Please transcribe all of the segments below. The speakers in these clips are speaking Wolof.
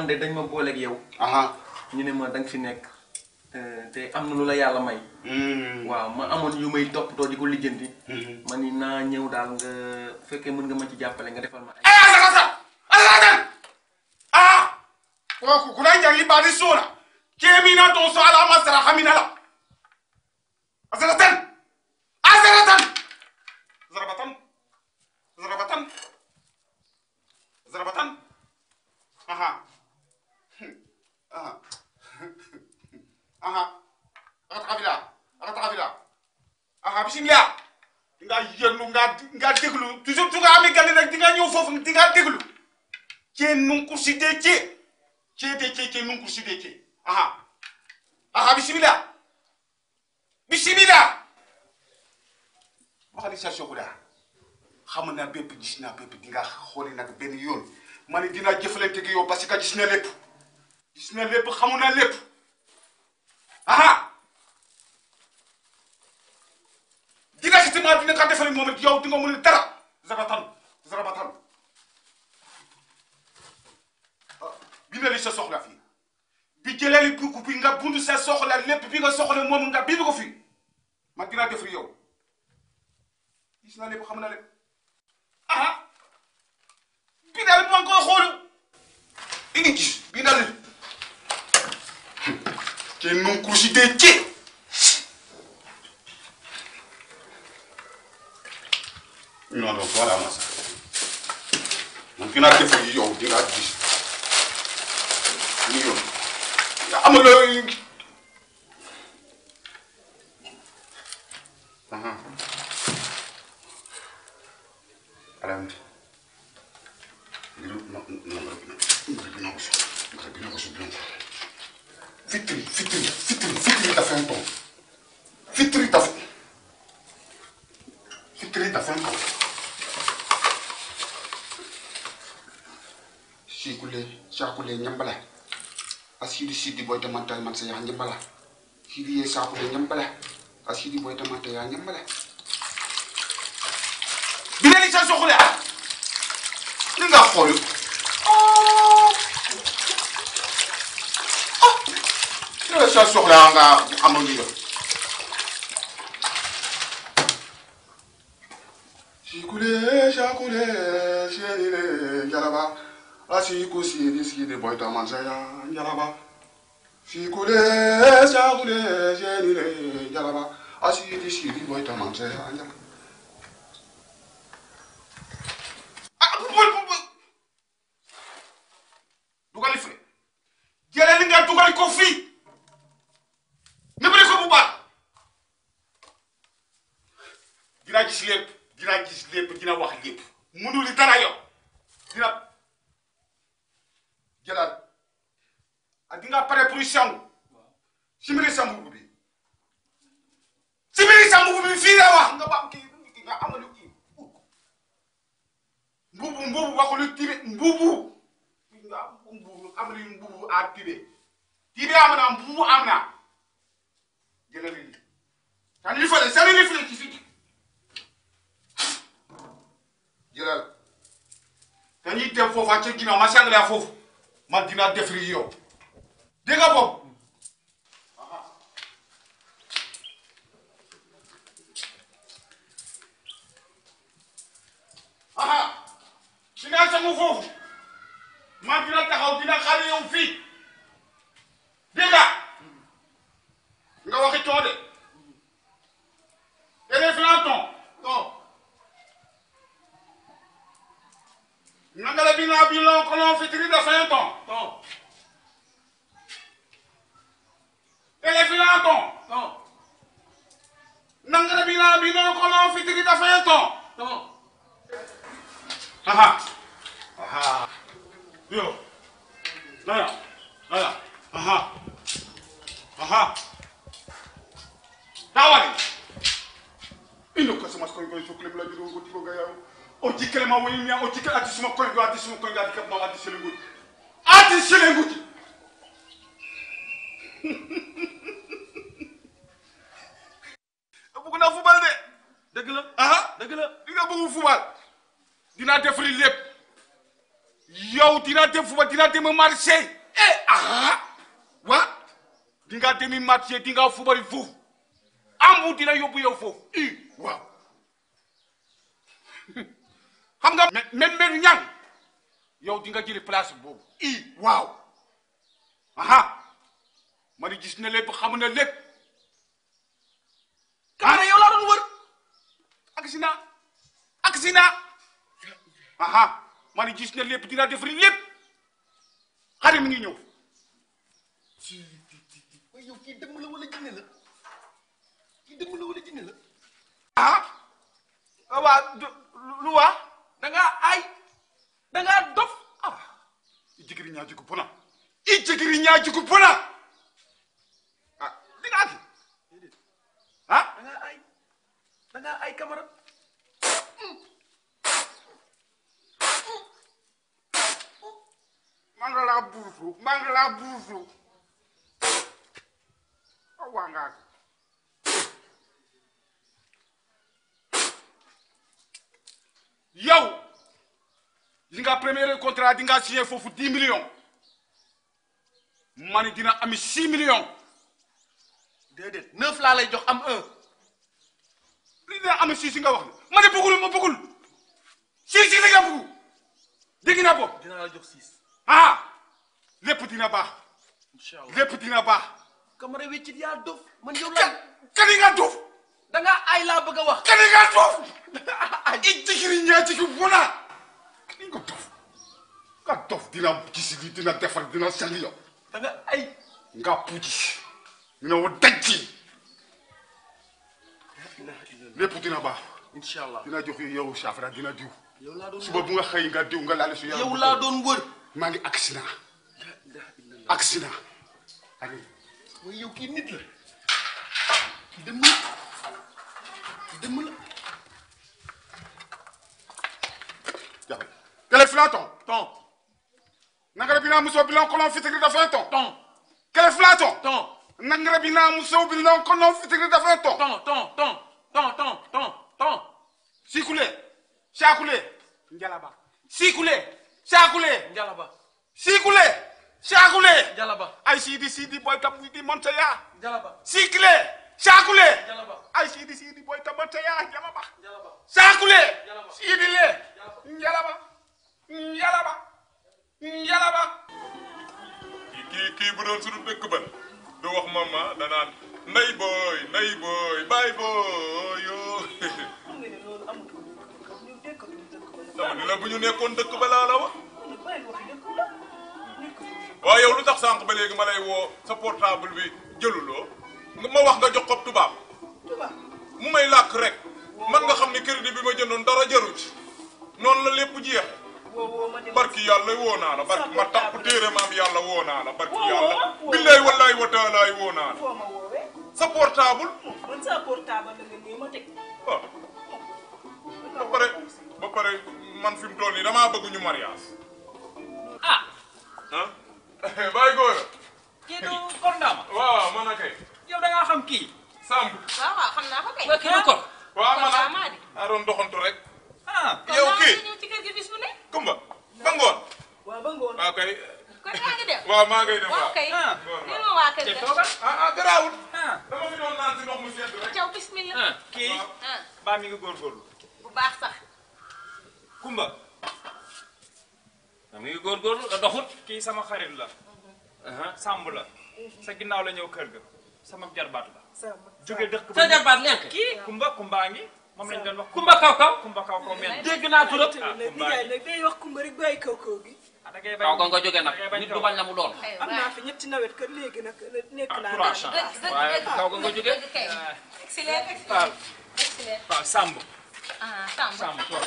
man de dañ ma booleeg yow. ñu ne ma danga fi nekk. te am na lu la yàlla may. Hmm. waaw ma amoon yu may toppatoo di ko lijjanti. Hmm. ma ni naa ñëw daal nga fekkee mën nga ma ci jàppale nga defal ma ay. Ah! kooku kuna aha axatxafila axatxafila aha bisimilah di nga yëngu nga nga déglu toujours su nga amee nag di nga foofu di nga déglu cee nunku si dee cee cee dee cee cee nunku si dee cee aha aha bisimilah bisimilah waxali sa soxla xam naa bépp gis naa bépp di nga nag benn yoon ma ne dinaa jëflante gi yow parce que gis na lépp gis na lépp xamu na lépp aha directement dina ko defal moom it yow di nga mën a dara zaratan zarabatan ah, bindali sa soxla fii bi jëleli buku bi nga bund soxla lépp bi nga soxla moom nga bind fi ma man dinaa def yow gis naa lépp xam naa lépp 개눈 굿이 됐지? 너도 돌아와서 웃기나 대포 이 어디가 있지? 이거 아무런 ya nyambala hidi ye sapu de nyambala as hidi boy tamata ya nyambala bineli sa sokhula ninga kholu Kira sa sokhla nga amangi yo. Shikule shakule shenile yaraba asikusi disiki de boy tamanja ya yaraba sikule saakule seenile jalaba asiti siri boy tamanse anjala sangu simili sangu bi simili sangu bi fii la nga ba am kii nga amali kii mbubu mbubu waxul tibe mbubu nga mbubu amali mbubu a tibe tibe am na mbubu am na jëlali li tan li fale sari li fale ci fi jëlal dañuy dem foofu ak ma sàngalee foofu man dinaa dégg nga bopp ça fait un temps. C'est bon. Aha. Aha. Yo. Voilà. Voilà. Aha. Aha. Dawali. Ino ko sama ko ngoy sokle bla juro ko tigo ga yawo. O jikele ma woni mi o jikele ati suma ko ngoy ati suma ko ngoy ati kap ma ati sele ngoy fuba dina dem marché eh aha wa dinga dem marché dinga fuba ivu ambu dina yobu yofu i wa xam nga même melu ñang yow dinga jëli place boobu i waaw aha ma ne gis na lépp xam na lépp kamara yow laa doon wër accident accident aha ma ne gis na lépp dina defari lépp xarit mi ngi ñëw waaye yow kii dëmm wala jinne la kii dëmm la wala jinne la ah, ah waa lu waa dangaa aay dangaa dof ah i jigiri ñaa jigu pona i jigiri ñaa jigu pona ah dinaa fi ah dangaa aay dangaa aay camarade Mangala buzu, mangala buzu. Awanga. Yow li nga premier contrat di nga signé foofu dix millions mani dina ami six millions déedéet lay jox am un li nga wax ma ne bëggul ma bëggul six si nga bëggu dégg jox six ah lépp dina baax. incha lépp dina baax. Kamara weccit yaa dof man yow la kani nga dof. da ay laa bëgg a wax. kani nga dof. i jigéen ñaa jigéen bu naa. kani dina gis dina defar dina sali yow. da nga ay. nga puuji. dina wo lépp dina baax. incha allah dina jox yow saafara dina diw. yow laa doon suba bu nga xëy nga diw nga laale su yow laa doon wër. maa ngi accident ak mooy yow kii nit la kii dëmm la kii dëmm la jàpp quel est flan ton ton nagara bina musoo bi lon kolon fitiri dafay ton ton quel est flan ton ton nagara bina musoo bi lon kolon fitiri Saakulee. Njalaba. Siikulee. Saakulee. Njalaba. ay siidi siidi booy tam di monte yaa. Njalaba. Siikulee. Saakulee. Njalaba. ay siidi siidi booy tam monte yaa Njalaba. Njalaba. Saakulee. Njalaba. Siidilee. Njalaba. Njalaba. Njalaba. kii kii kii bu doon sunu dëkk ba du wax mama danaan nay booy nay booy bay booy yoo. xam nga ne loolu amatul dëkk ba wax. waaw yow lu tax sànq ba léegi ma lay woo sa portable bi jëluloo ma wax nga jox ko tubaab mu may làkk rek man nga xam ni crédit bi ma jëndoon dara jaru ci noonu la lépp jeex barki yàlla woo naa la barki ma tàpp téere maam yàlla woo naa la barki yàlla billaay wallaay wa woo naa la sa portable man sa portable la nga nii ma teg waaw ah. ba pare ba pare man fi mu toll nii damaa bëgg ñu Eh, bàyyi góor a. kii du ndaama. waaw waaw man na kay. yow da xam kii. Samb. waaw waaw xam naa ko kay. kii du kor. waaw man naa maa doon doxantu rek. Ah. yow kii Kumba ba ngoon. waaw ba ngoon waaw dem. waaw maa ngay dem ah. waa kër ga. ah ah garaawul. ah dama ah, kii. ah baa mi ngi góorgóorlu. bu baax sax. Kumba. mu ngi góorgóorlu da doxut kii sama xarit la samb la sa ginnaaw la ñëw kër ga sama jarbaat la jóge dëkk sa jarbaat lenk kii kumba kumbaa ngi moom lañ doon wax kumba kaw kaw naa turam ah, nag kumba rek bàyyi kaw kaw gi ah, kaw kaw nawet kër léegi nag nekk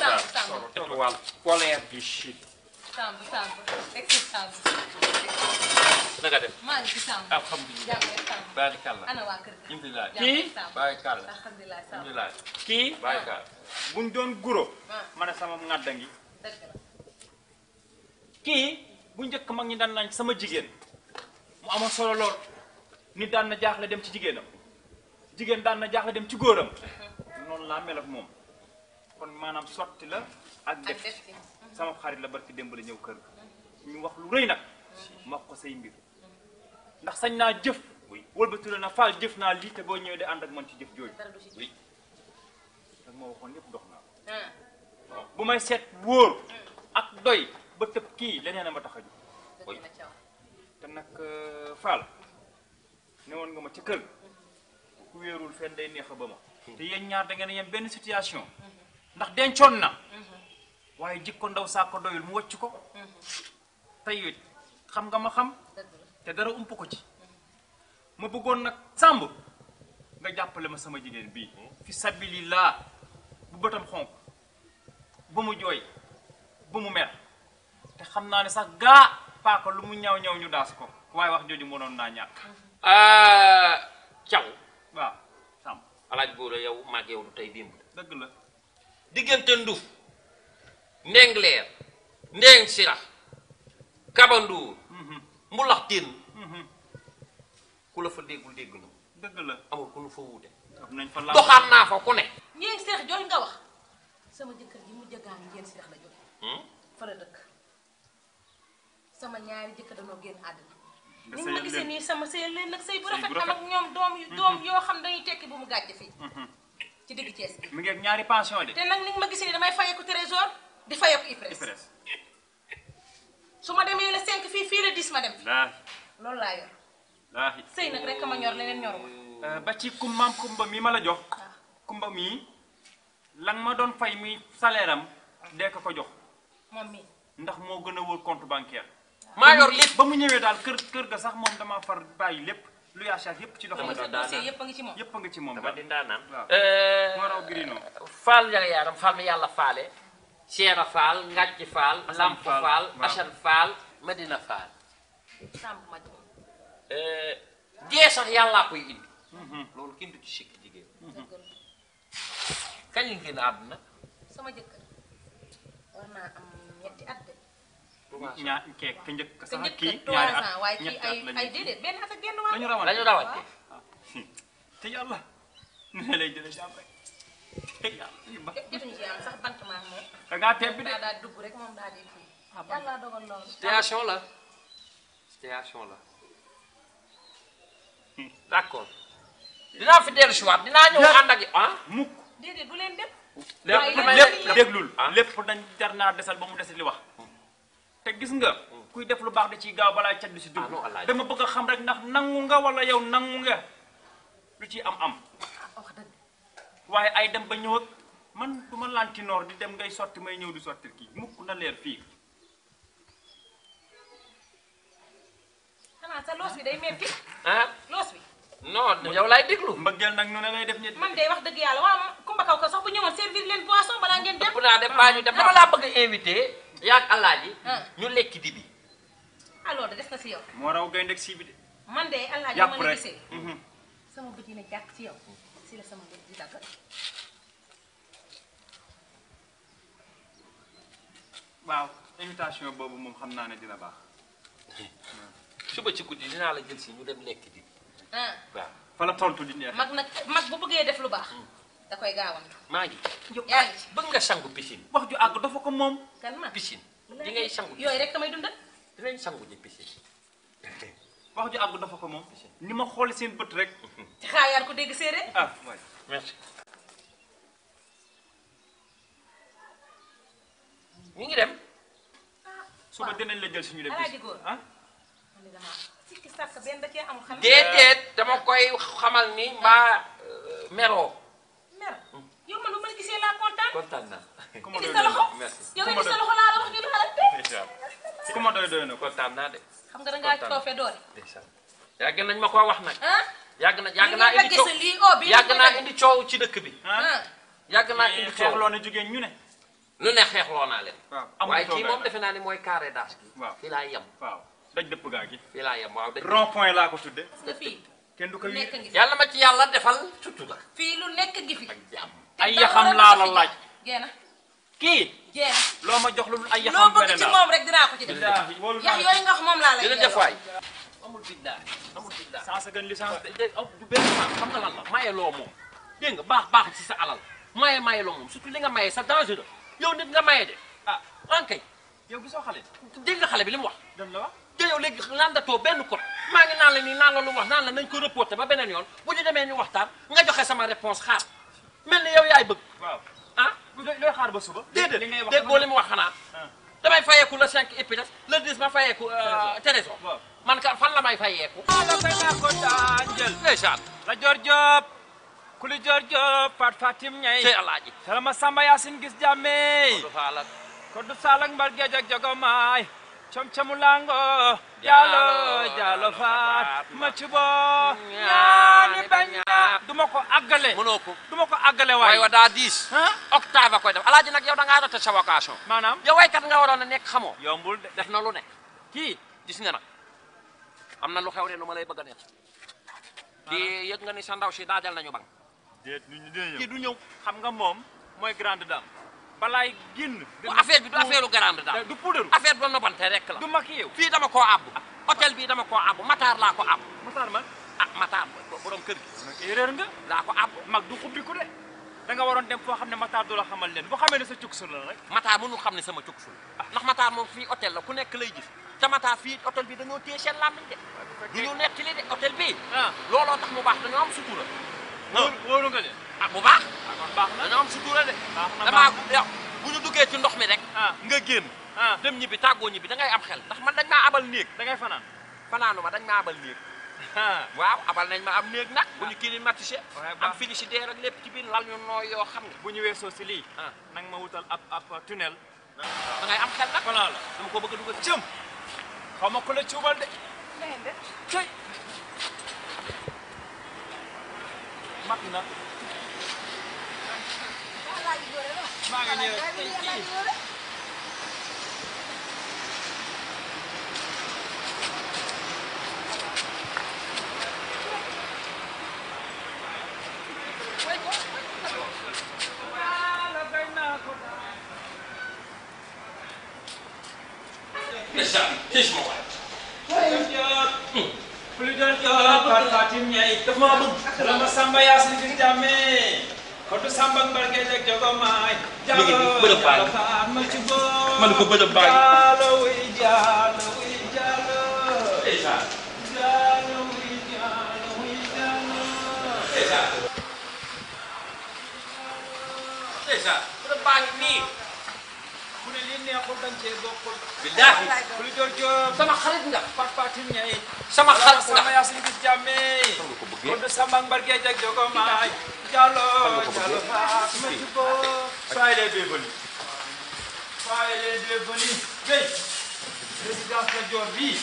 naa ah, waaye Samb Samb teg si Samb. naka def Malick kii doon guro. Ah. ma sama ŋàdda ngi. kii bu njëkk mag ñi daan nañ sama jigéen mu amoon solo lool nit daan na jaaxle dem ci jigéenam jigéen daan na jaaxle dem ci góoram noonu laa mel ak moom kon maanaam sotti la ak def. sama xarit la barki démb la ñëw kër ga ñu wax lu rëy nag ma ko say mbir ndax sañ naa jëf wëlbati la na faal jëf naa lii te boo ñëwee di ànd ak man ci jëf jooju dag ma waxoon dox naa ah. bu may seet wóor ah. ak doy ba tëb kii leneen a ma tax a jóg te nag euh, faal ne woon nga ma ci kër ku wéerul fenn day neexa ba ma hmm. te yéen ñaar da yem benn situation ndax dencoon na waaye jikko ndaw saako doyul mu wàcc ko tey it xam nga ma xam te dara ump ko ci ma bëggoon nag sàmb nga jàppale ma sama jigéen bii fi sabilillah bu bëtam xonk ba mu jooy ba mu mer te xam naa ne sax gaa paaka lu mu ñaw ñaw ñu daas ko waaye wax jooju mënoon naa ñàkk caw ah, waaw sàmb alaaj góor a yow maag yow du tey biimb dëgg la diggante nduf Ndengleer Ndeng Sirax Kabanduur mhm. Mbulax Tine mhm. ku la fa déggul dégg na. dëgg la amul ku nu fa am nañ fa la doxaan naa fa ku ne. ñeeng seex jooy nga wax sama jëkkër ji mu jëggaan ñeeng seex la jóge. Hmm? fa la dëkk sama ñaari jëkkër dañoo génn àddina. ni nga gisee nii sama sëy leen nag sëy bu rafet am ak ñoom doom yu mhm. doom yoo xam dañuy tekki bu mu gàjj fii. ci digg Thiès bi. mu ngi ak te nag ni ma gisee nii damay fayeeku trésor. di fa yokk IPRES. su ma demee le 5 fii fii le 10 ma dem. loolu laa yor. sëy nag rek ma ñor leneen ñoruma. Euh, ba ci kumbam kumba mi ma la jox. Ah. kumba yi lan ma doon fay muy salaire am ko ko jox. moom mii moo gën a wóor compte bancaire. Ah. maa yor lépp ñëwee daal kër kër ga sax moom damaa far bàyyi lépp lu yaashaat yépp ci loxo. dama dossier yépp a ci moom yépp a ci moom. dama di ndaanaan. Euh, moo raw Girino. faal ya yàlla faale. Ceera Faal Ngàcc Faal Lamp Faal Asan Faal Madina Faal eh, dee sax yàllaa koy indi mhm. loolu kenn du ci sikki jigéen mhm. Mhm. kañ la génn àdduna sama jëkkër war naa am ñetti at de ñaa kee ka njëkk sax kii ñaari at waaye kii ay ay déedéet benn at ak genn wàll lañu rawante lañu rawante ah. te yàlla ne lay jëlee jàmm rek te yàlla da ngaa tebbi de. daa dugg rek moom daa di kii. Ah, yàlla la station la d'accord dinaa fi dellu si waat dinaa ñëw ànd ak ah. mukk déedéet bu leen dem. lépp déglul ah. lépp dañ jar naa desal ba mu des li wax te gis nga. Hmm. kuy def lu baax da ciy gaaw balaa cat bi si dugg. Ah, dama bëgg a xam rek ndax nangu nga wala yow nangu nga lu ci am am. waaye ay dem ba ñëw man du ma lantinoor di dem ngay sotti may ñëw di sotti kii mukk na leer fii. xanaa sa loos bi day metti. ah loos bi. non yow laay déglu. mbëggeel nag ñu ne lay def ñetti. man de wax dëgg yàlla waaw Kumba Kaw Kaw sax bu ñëwoon servir leen boisson balaa ngeen dem. ëpp naa dem laa bëgg invité. yaa ak Alaaji ñu lekk di bi. alors ah, de des na si yow. moo raw gaynde ak si bi de. man de Alaaji ma la gisee. Mhm. sama bët na jàkk ci yow si la sama bët di dagg. waaw invitation boobu moom xam naa ne dina baax. suba ci guddi dinaa la jël si ñu dem lekk ji. Ah. waaw fa la tontu di neex. mag nag mag bu bëggee def lu baax. Hmm. da koy gaawantu. maa ngi ah, yaa ngi ci bëgg nga sangu piscine. wax ju àgg dafa ko moom. kan ma piscine. di ngay sangu yooyu rek damay dundal. dinañ sangu ji piscine. wax ju àgg dafa ko moom. ni ma xool seen bët rek. ci xaayaar ko dégg séeréer. ah ñu ngi dem. suba ah. dinañ la jël suñu dem. ah. sikki da cee am xam. déedéet dama koy xamal ni mbaa euh, melo mer hmm. yow man bu ma la gisee laa kontaan. kontaan naa. na merci yow it sa loxo laa la wax ñu xalaat. kuma naa de. xam nga da ngaa toofe doole. yàgg nañ ma ko wax nag. Ah? yàgg na yàgg naa oh, indi coow yàgg naa indi ci dëkk bi. Ah? yàgg naa eh, indi coow xeexloo na jigéen ñu ne. lu ne xeexloo naa leen. waaye kii moom defe naa ne mooy carré d'as gi. waaw fii laa yem. waaw daj dëpp gaa gi. fii laa yem waaw daj laa ko tudde kenn du ko yàlla ma ci yàlla defal tuttu la. fii lu nekk gi fi. ak ay yaxam laa la laaj. génn. kii. génn loo ma jox lu ay yaxam feneen loo bëgg ci moom dinaa ko ci def. yax yooyu nga wax moom laa lay def waay. amul biddaa amul biddaa. sa gën licence oh, du benn xam nga lan la maye loo moom. dégg nga baax baax ci sa alal maye maye loo moom surtout li nga maye sa dangereux yow nit nga maye de ah, ah xale dégg nga xale bi li mu wax lan la wax te yow léegi landatoo benn kot maa ngi la nii naan la lu mu wax naan la nañ ko reporté ba beneen yoon bu ñu demee ñu waxtaan nga joxe sama réponse xaar mel ni yow yaay bëgg waaw ah looy xaar ba suba déedéet déggoo li mu wax xanaa ah. damay fayeeku le cinq épinas le dix ma fayeeku euh, trésor man ka fan la may fayeeku la koy naa ko daanjël ndeysaan la jor job kuli jorjo pat fatim ñay sey alaaji salama samba yasin gis jamme ko falak ko du salak mbar gejak jogomay chom chomulango jalo jalo fat machubo ñaani baña duma ko àggale mënoo ko duma ko àggale waay wa daa diis octave koy alaaji nag yow da ngaa raté sa vocation maanaam yow waykat nga waroon a nekk xamoo yombul de def na lu ne kii gis nga nag am na lu xew de lu ma lay bëgg a nekk di yëg nga ni sa ndaw si daajal nañu bang du ñëw xam nga moom mooy grande balaa balaay génn. bu affaire bi du affaire grande dame du poudre affaire ba nobante rek la. du maquillé fii dama koo àbb. hôtel bii dama koo àbb Matar laa ko àbb. Matar man a ah, Matar borom kër gi. nag erreur nga. laa ko mag du xubbiku de. da nga waroon dem foo xam ne Matar du la leen boo xamee ne sa cuksul la xam ne sama cuksul ah. ndax Matar moom fii hôtel la ku nekk lay gis ta Matar fii hôtel bi dañoo téye seen làmmiñ de. du ñu nettali de hôtel bii. Ah. looloo tax mu baax dañoo am sutura Ah, bu baax. na dañoo am sutura de. na damaa yow bu ñu duggee ci ndox mi rek. Ah. nga génn. Ah. dem ñibbi tàggoo ñibbi da ngay am xel ndax ma dañ maa abal néeg. da fanaan fanaanu ma dañ maa abal néeg. waaw abal nañ ma am néeg nag. bu ñu climatisé. am frigidaire ak lépp ci biin lal ñu nooy yoo xam ne. bu ñu weesoo si lii. nang ma wutal ab ab tunnel. da am xel nag. fanaan la dama ko bëgg a dugal cëm. xaw ma ko la cuubal de. makina maa ngi ñëw tey kii ndeysaan Fatou Fatim Ndiaye daf maa bëgg. dama Samba Yacine di jàmmee. kottu Samba ak Mbarke de Jogomaay. léegi nii bërëb baa ngi ma ne ko bërëb baa ngi. Diallo wuy Diallo wuy Diallo. Déjà. Diallo wuy Diallo wuy Diallo. Déjà. Déjà bërëb baa ngi nii. neexul dañ cee bokkul. billaahi lu jor jor sama xarit nga. parpati ñay sama xarit nga sama yasin di jàmme. kon de sama mbar gee jag jogo maay. jalo jalo maa ma jubbo. soyez les bienvenus. soyez les bienvenus. béy. résidence la Dior bii.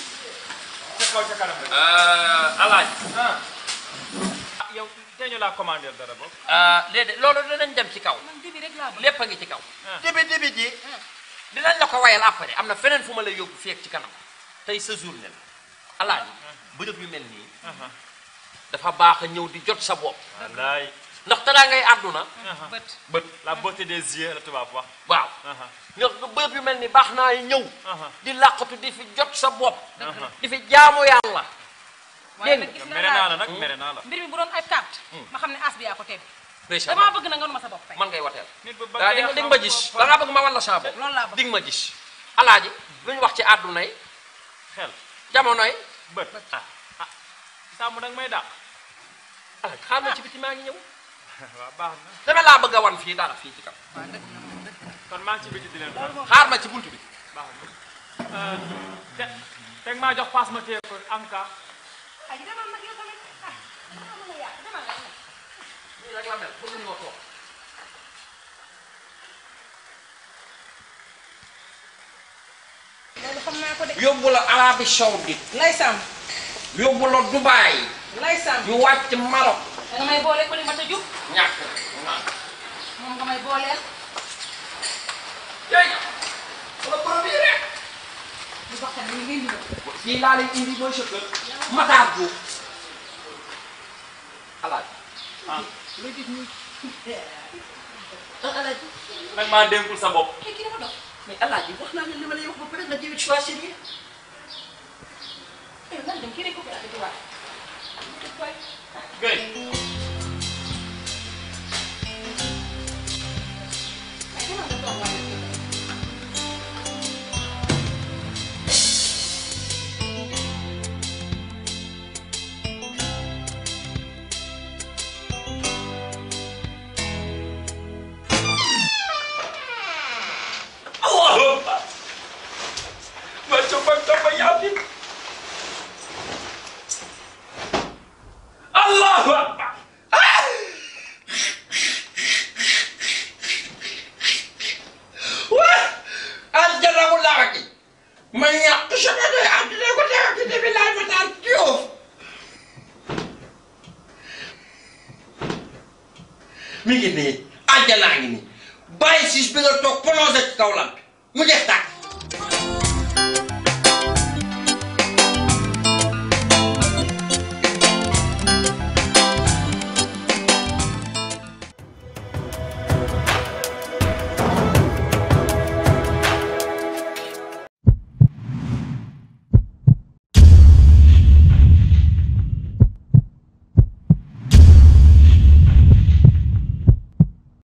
ca kaw ca kanam rek. Euh, alaaj. Ah. ah. yow te ñu laa commandé dara boobu. ah léegi loolu danañ dem ci kaw. lépp a ngi ci kaw. débé ah. débé ji. Ah. dinañ la ko wayal après am na feneen fu ma lay yóbbu feek ci kanam tey sa journée la alaaji bërëb yu mel nii dafa baax ñëw di jot sa bopp ndax taraa ngay àdduna bët la beauté des yeux tubaab wax waaw ndax bërëb yu mel nii baax naa ñëw di làqatu di fi jot sa bopp di fi jaamu yàlla dégg nga mere naa la nag mere naa la mbir mi bu doon ay carte hmm. ma xam ne as bi ko teg Rachel damaa bëgg na nga nu ma sa man ngay wateel daa di nga ma gis da ngaa bëgg ma wan la saa bopp. loolu ma gis. alaaji lu ñu wax ci àdduna yi. jamono yi. bët ah. Ah. may dàq. alaaji xaar ma ci biti maa baax na dama bëgg a fii dara fii ci kam kon maa ci biti di leen bi. nii rek la mel bëgg ñoo toog loolu xam naa ko de yóbbu la Arabie may boole ko li ma tëju ñàkk moom nga may booleel nga gis ñu. ah Alaaji. maa dénkul sa bopp. mais kii dafa dox mais wax naa leen li ma lay wax ba pare nga de kii rek ko ma yàq sama doy àddina ko teg ak ci bi laay ma taal Diouf mi ngi nii àjjanaa ngi nii bàyyi siis bi nga toog plongé ci kaw mu jeex tàkk